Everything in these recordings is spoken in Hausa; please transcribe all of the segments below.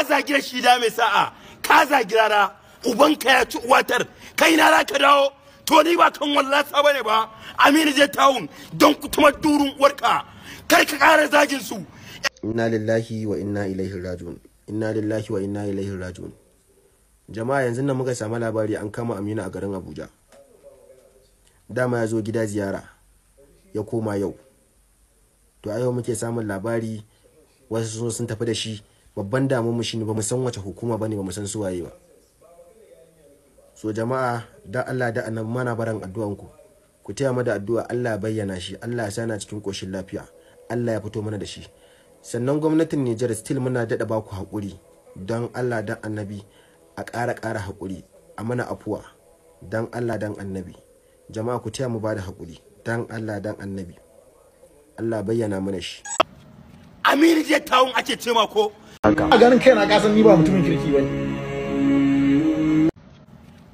ka zagi rashida mai sa'a ka zagi rara ubanka ya ci uwatar kai na za ka dawo to ni ba kan wallasa ba ne ba aminu je tawun don kutumar durun uwarka kar ka kare zagin su inna lillahi wa inna ilaihi rajiun inna lillahi wa inna ilaihi rajiun jama'a yanzu nan muka samu labari an kama amina a garin abuja dama ya zo gida ziyara ya koma yau to a yau muke samun labari wasu sun tafi da shi babban damun mu shine mu san wace hukuma bane mu san su waye ba so jama'a da Allah da annabi mana baran addu'an ku ku taya mu da addu'a Allah bayyana shi Allah ya sana cikin koshin lafiya Allah ya fito mana da shi sannan gwamnatin Nijar still muna dada ba ku hakuri don Allah dan annabi a ƙara ƙara hakuri a mana afuwa don Allah dan annabi jama'a ku taya mu ba da hakuri don Allah dan annabi Allah bayyana mana shi Aminu je tawun ake ce ko haka a ganin kaina ka san ni ba mutumin kirki bane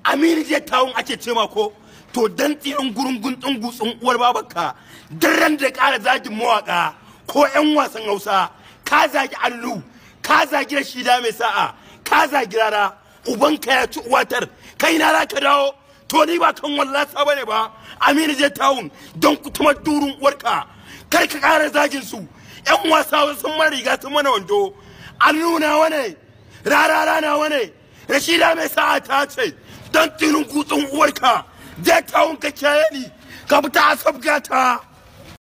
Aminu je tawun ake ce ma ko to dan tsirin gurungun tsungu tsun uwar babarka dan da ƙara zagin mawaka ko ƴan wasan Hausa ka zagi allu ka zagi rashida mai sa'a ka zagi rara ubanka ya ci uwatar kai na za ka dawo to ni ba kan wallasa bane ba Aminu je tawun don kutumar durun uwarka kar ka ƙara zagin su ƴan wasa sun mara riga sun mana wando allu nawa ne rarara nawa ne rashida mai sa'a ta ce don tinin kutsun uwarka je ta ka ke ni ka fita asabgata